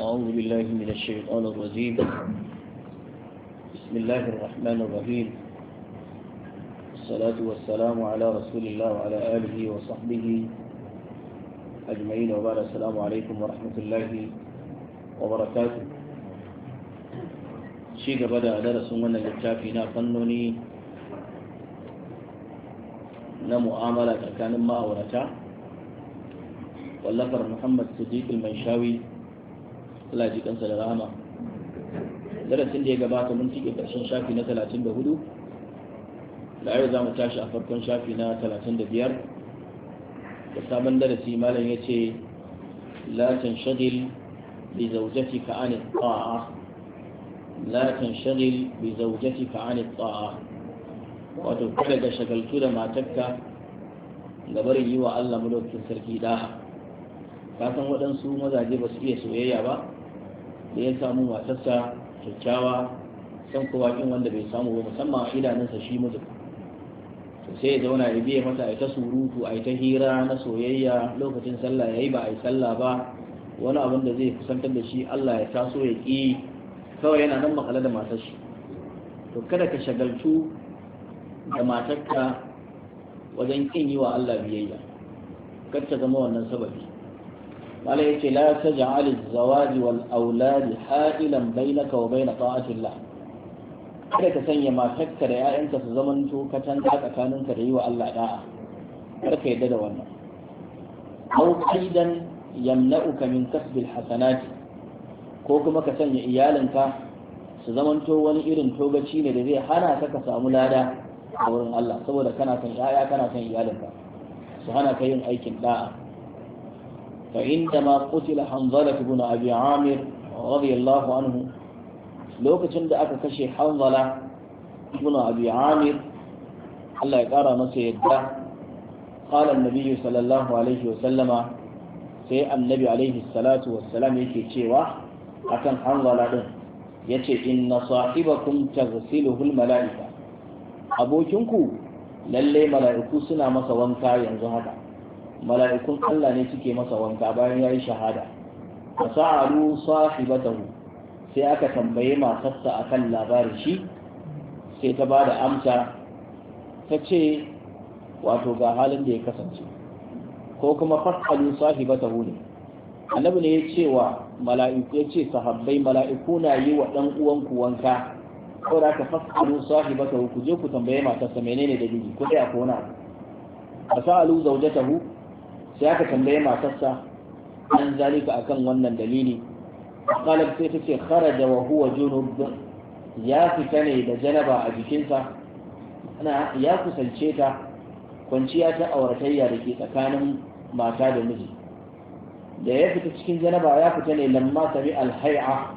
أعوذ بالله من الشيطان الرجيم بسم الله الرحمن الرحيم الصلاة والسلام على رسول الله وعلى آله وصحبه أجمعين وبعد السلام عليكم ورحمة الله وبركاته شيء بدأ درس من الكتابين فنوني نمو نمعاملة كان ما أورتا واللفر محمد صديق المنشاوي Allah ji kansa da rahama darasin da ya gabata mun cike karshen shafi na 34 da yau za mu tashi a farkon shafi na 35 da sabon darasi malam ya ce la tanshagil bi zawjatika an ta'a la tanshagil bi zawjatika an ta'a wato kada ga shagaltu da matarka da barin yi wa Allah madaukakin sarki da'a ka san waɗansu mazaje ba su iya soyayya ba da ya samu matarsa kyakkyawa san kowa kin wanda bai samu ba musamman a idanunsa shi mijin to sai ya zauna ya biya mata a ta surutu a ta hira na soyayya lokacin sallah yayi ba a yi sallah ba wani abin da zai kusantar da shi Allah ya taso ya ki kawai yana nan makale da matar shi to kada ka shagaltu da matarka wajen ƙin yi wa Allah biyayya kar ta zama wannan sababi mala yake la taj'al az-zawaj wal aulad ha'ilan bainaka wa bain ta'atillah kada ka sanya matakka da 'ya'yanka su zamanto katanga tsakaninka da yi wa Allah da'a Kar ka yadda da wannan aw qaidan yamna'uka min kasbil hasanati ko kuma ka sanya iyalinka su zamanto wani irin togaci ne da zai hana ka ka samu lada a wurin Allah saboda kana son yaya kana son iyalinka su hana ka yin aikin da'a فعندما قتل حنظلة بن أبي عامر رضي الله عنه lokacin da aka kashe hanzala ibn abi amir Allah ya kara masa yadda qala annabi sallallahu alaihi wasallama sai annabi alaihi salatu wassalam yake cewa akan hanzala din yace inna sahibakum taghsiluhu almalaika abokinku lalle mala'iku suna masa wanka yanzu haka mala'ikun Allah ne suke masa wanka bayan ya yi shahada a sa'aru sahibatahu sai aka tambaye matarsa a kan labarin shi sai ta ba da amsa ta ce wato ga halin da ya kasance ko kuma fasalu sahibatahu ne annabi ne ya ce wa mala'iku ya ce sahabbai mala'iku na yi wa ɗan uwanku wanka ko da ka fasalu sahibatahu ku je ku tambaye matarsa menene dalili ko da ko na asalu zaujatahu sai aka tambaye matarsa an zalika akan wannan dalili qalat sai ta ce kharaja wa huwa junub ya fita ne da janaba a jikinsa ana ya kusance ta kwanciya ta auratayya da ke tsakanin mata da miji da ya fita cikin janaba ya fita ne lamma tabi alhai'a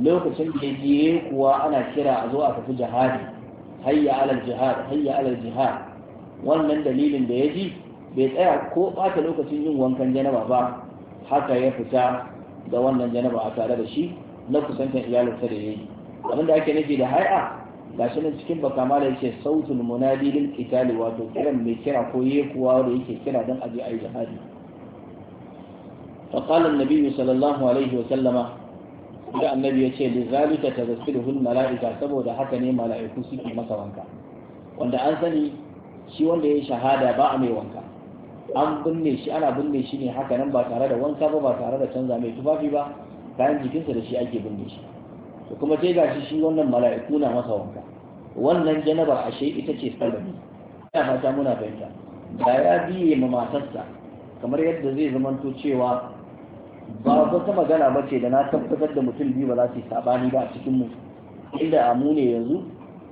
lokacin da ya kuwa ana kira a zo a tafi jihadi hayya alal jihad hayya alal jihad wannan dalilin da ya ji bai tsaya ko ɓata lokacin yin wankan janaba ba haka ya fita da wannan janaba a tare da shi na kusantan iyalinsa da yayi abin da ake nufi da hai'a ga shi nan cikin baka mala yake sautin munadi lil wato kiran mai kira ko yekuwa da yake kira dan aje yi jihadi فقال النبي صلى الله عليه وسلم da annabi ya ce lizalika tazkiruhul mala'ika saboda haka ne mala'iku suke masa wanka wanda an sani shi wanda ya shahada ba mai wanka an binne shi ana binne shi ne haka nan ba tare da wanka ba ba tare da canza mai tufafi ba kayan jikinsa da shi ake binne shi to kuma sai gashi shi wannan mala'iku na masa wanka wannan janabar ashe ita ce sababi ina fata muna fahimta da ya biye ma matarsa kamar yadda zai zamanto cewa ba wata magana ba ce da na tabbatar da mutum biyu ba za su yi sabani ba a cikin mu inda amu ne yanzu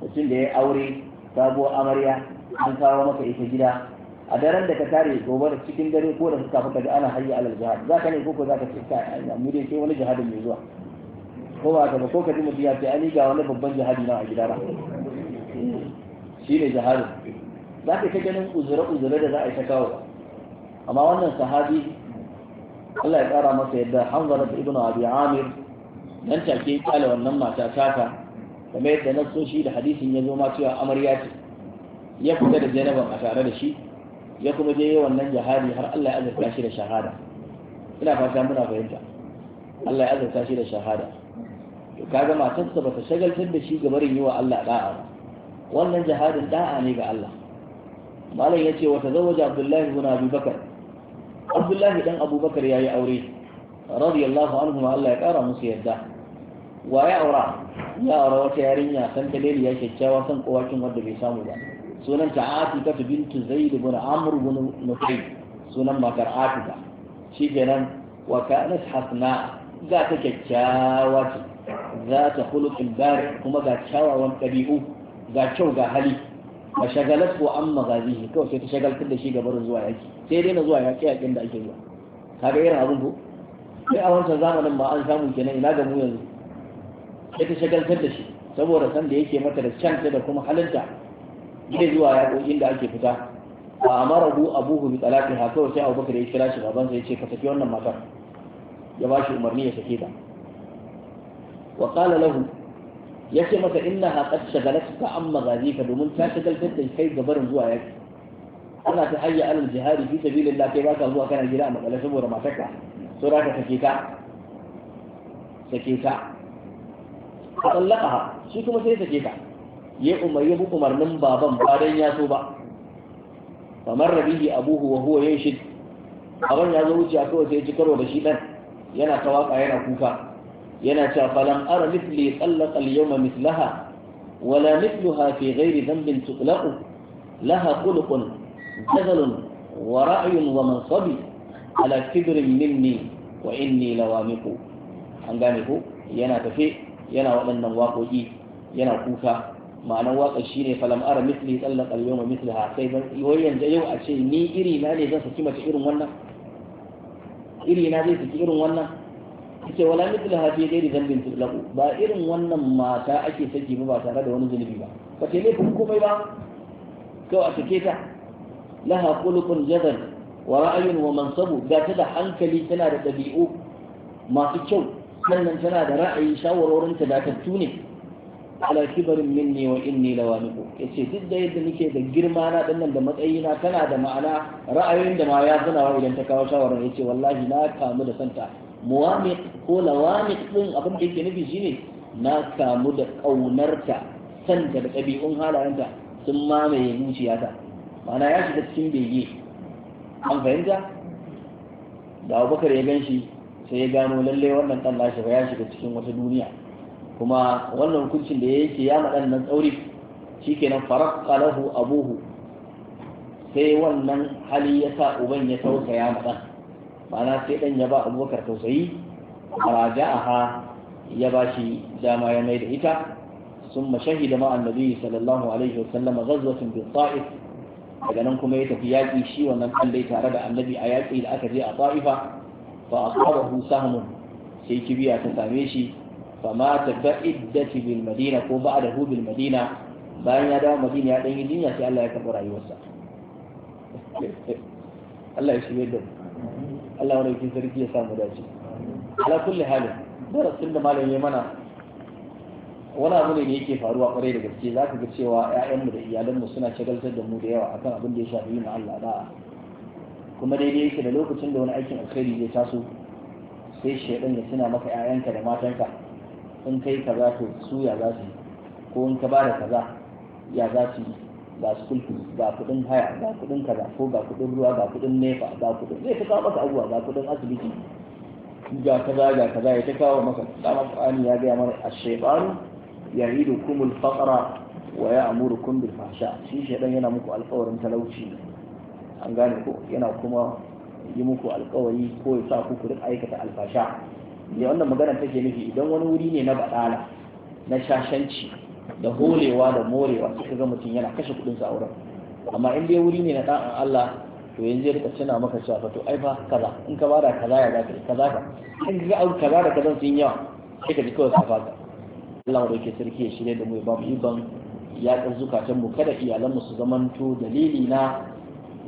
mutum da ya aure sabuwar amarya an kawo maka ita gida a daren da ka tare gobe da cikin dare ko da suka fuka da ana hayya alal jihad za ka ne ko ko za ka ce ka mu dai sai wani jihadin mai zuwa ko ba ka ba ko ka ji mutum ya ce ani ga wani babban jihadi na a gida ba shi ne jihadin za ka ta ganin uzure-uzure da za a yi ta kawo amma wannan sahabi Allah ya tsara masa yadda hanzara ibn abi amir nan take ya kyale wannan mata taka kamar yadda shi da hadisin ya zo ma cewa amarya ce ya fita da zainaban a tare da shi ya kuma je wannan jihadi har Allah ya azurta shi da shahada ina fata muna fahimta Allah ya azurta shi da shahada to kaga matarsa bata shagaltar da shi ga barin yi wa Allah da'a ba wannan jihadin da'a ne ga Allah malam yace wa tazawwaja Abdullah ibn Abi Bakar Abdullah dan Abu Bakar yayi aure radiyallahu anhu Allah ya kara musu yadda wa ya aura ya aura wata yarinya san dalili ya kyakkyawa san kowakin wanda bai samu ba sunan ta atika ta bintu zaid ibn Amur, ibn nufayl sunan matar atika kenan, wa kanat hasna za ta kyakkyawa ce za ta khuluqin bari kuma ga kyawawan ɗabi'u ga kyau ga hali A shagalat ko an magazihi kawai sai ta shagaltar da shi gabarin zuwa yaki sai dai na zuwa yaki yakin da ake zuwa Ka ga irin abin ko sai a wancan zamanin ba an samu kenan ina ga mu yanzu sai ta shagaltar da shi saboda san da yake mata da canta da kuma halinta bai zuwa yaƙoƙin inda ake fita a amarahu abuhu bi talatin ha kawai sai abubakar ya kira shi babansa ya ce ka saki wannan matar ya ba shi umarni ya sake ta wa qala lahu ya ce masa innaha qad shagalatuka an magazika domin ta shagaltar da kai ga barin zuwa yaƙi ana ta hayya alal jihadi fi sabilillah kai baka zuwa kana gida a makale saboda matarka so da ka sake ta sake ta a tsallaka shi kuma sai sake ta ya umarni bu umarnin baban ba ya so ba kamar rabihi abuhu wa huwa yanshid abin ya zo wuce kawai sai ya ci karo da shi dan yana ta waka yana kuka yana cewa falam ara mithli tsallaqa al-yawma mithlaha wala mithluha fi ghairi dhanbin tuqlaqu laha khuluqun jazalun wa ra'yun wa mansabi ala kibrin minni wa inni lawamiqu an gane ko yana tafe yana waɗannan waƙoƙi yana kuka ma'anar waƙar shi ne falam ara misli tsallan ƙalbiyar wa misli ha sai ban yoyon da yau a ce ni iri na ne zan saki mace irin wannan iri na zai saki irin wannan ce wala misli ha fi gairi zambin tulaku ba irin wannan mata ake saki ba tare da wani zunubi ba ba ce laifin komai ba kawai a sake ta laha kulukun jazar wa ra'ayin wa mansabu ga ta da hankali tana da ɗabi'u masu kyau sannan tana da ra'ayi shawarorinta da tattu ne ala kibarin minni wa inni Ya yace duk da yadda nake da girma na dinnan da matsayina tana da ma'ana ra'ayoyin da ma ya wa idan ta kawo ya yace wallahi na kamu da santa muwamiq ko lawaniq din abin da yake nufi shine na kamu da kaunarta santa da ɗabi'un halayenta sun mamaye zuciyata ma'ana ya shiga cikin bege an fahimta da abubakar ya ganshi sai ya gano lallai wannan ɗan nashi ba ya shiga cikin wata duniya kuma wannan hukuncin da yake ya maɗan nan tsauri shikenan faraqqa lahu abuhu sai wannan hali ya sa uban ya tausaya maɗan ma'ana sai ɗan ya ba abubakar tausayi raja'aha ya ba shi dama ya mai da ita ثم شهد مع alaihi wa الله عليه وسلم bin بالطائف daga nan kuma ya tafi yaƙi shi wannan ɗan dai tare da annabi a yaƙi da aka je a ta'ifa fa asabahu sahmun sai kibiya ta same shi fama ta ka iddati bil madina ko ba da madina bayan ya dawo madina ya dan yi jinya sai Allah ya karɓi rayuwarsa mu dace ala kulli halin darasin da malam ya mana wani abu ne da yake faruwa kwarai da gaske za ka ga cewa 'ya'yanmu da iyalanmu suna shagaltar da mu da yawa akan abin da ya shafi yin kuma daidai yake da lokacin da wani aikin alkhairi zai taso sai shaidan ya tuna maka 'ya'yanka da matanka in kai kaza to su ya za su ko in ka ba da kaza ya za su yi ga school fees ga kuɗin haya ga kuɗin kaza ko ga kuɗin ruwa ga kuɗin nefa ga kuɗin zai ta kawo maka abubuwa ga kuɗin asibiti ga kaza ga kaza ya ta kawo maka dama qur'ani ya gaya mana ya yi da al-faqra wa ya ya'murukum kundin fahsha shi shaytan yana muku alƙawarin talauci an gane ko yana kuma yi muku alƙawari ko ya sa ku ku aikata alfasha ne wannan magana take nufi idan wani wuri ne na badala na shashanci da holewa da morewa suka ga mutum yana kashe kudin sa auren amma in dai wuri ne na da'an Allah to yanzu ya rika tuna maka cewa to ai fa kaza in ka bada kaza ya zaka kaza ka in ga abu kaza da kaza sun yawa sai ka ji kawai ka Allah da yake sarki ya shirya da mu ya ba mu iban ya kan zukatan mu kada iyalan mu su zamanto dalili na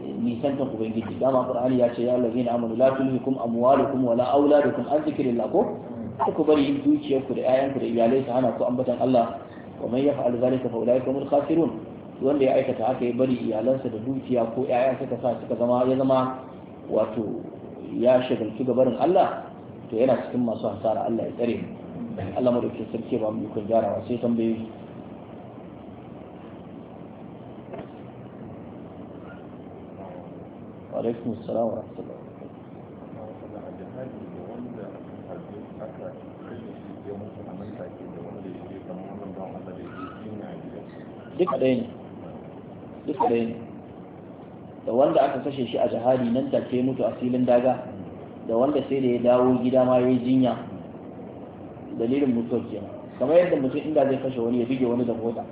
nisantan ubangiji dama qur'ani ya ce ya allazina amanu la tulhikum amwalukum wala auladukum an zikrillah ko ku bari dukiyarku da ƴaƴanku da iyalai su hana ku ambatan Allah wa man yaf'al zalika fa ulaika humul khasirun wanda ya aikata haka ya bari iyalansa da dukiya ko ƴaƴan suka sa suka zama ya zama wato ya shagaltu ga barin Allah to yana cikin masu hasara Allah ya tsare mu Allah madaukakin sarki ba mu ikon gyarawa sai tambayoyi alaikum assalam wa rahmatullah duka ɗaya ne duka ɗaya ne da wanda aka kashe shi a jihadi nan da ke mutu a filin daga da wanda sai da ya dawo gida ma ya yi jinya dalilin mutuwar jiya, kamar yadda mutum inda zai kashe wani ya bige wani da mota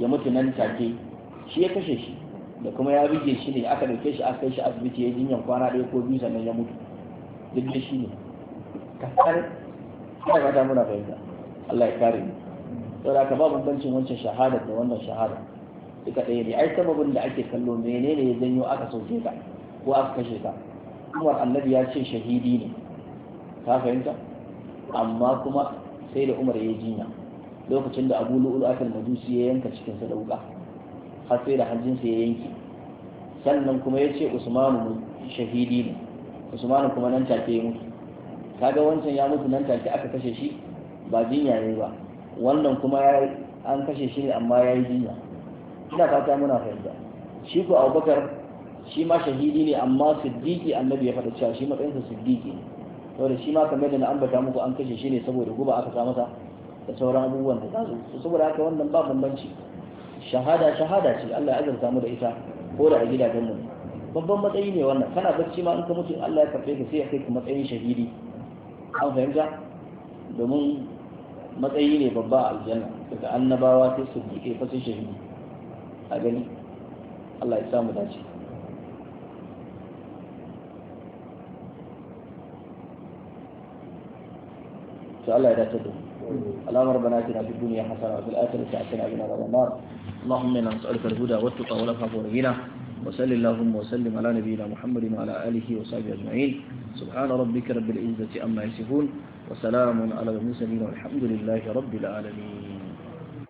ya mutu nan take shi ya kashe shi da kuma ya buge shi ne aka dauke shi aka kai shi asibiti ya jinyan kwana ɗaya ko biyu sannan ya mutu duk da shi ne kasar ina mata muna fahimta Allah ya kare ni saboda ka ba bambancin wancan shahada da wannan shahada duka ɗaya ne ai sababin da ake kallo menene ya janyo aka sauke ka ko aka kashe ka Umar Annabi ya ce shahidi ne ka fahimta amma kuma sai da Umar ya jinya lokacin da Abu Lu'lu'atul Majusi ya yanka cikin sa da wuka har sai da hanjinsa ya yanke sannan kuma ya ce usmanu shahidi ne usmanu kuma nan take ya mutu kaga wancan ya mutu nan take aka kashe shi ba jinya ne ba wannan kuma an kashe shi ne amma ya yi jinya ina fata muna fahimta shi ko abubakar shi ma shahidi ne amma siddiqi annabi ya faɗa cewa shi matsayinsa siddiqi ne saboda shi ma kamar da na ambata muku an kashe shi ne saboda guba aka sa masa da sauran abubuwan da za su saboda haka wannan ba bambanci shahada shahada ce Allah ya azurta mu da ita ko da a gidajenmu babban matsayi ne wannan kana bacci ma in ka mutu Allah ya karfe ka sai ya kai ka matsayin shahidi an fahimta domin matsayi ne babba a aljanna daga annabawa sai su dike fasin shahidi a gani Allah ya samu dace to Allah ya dace da mu اللهم ربنا اتنا في الدنيا حسنه وفي الاخره حسنه وقنا عذاب النار اللهم انا نسالك الهدى والتقى والعفو والغنى وصل اللهم وسلم على نبينا محمد وعلى آله وصحبه أجمعين سبحان ربك رب العزة أما يصفون وسلام على المرسلين والحمد لله رب العالمين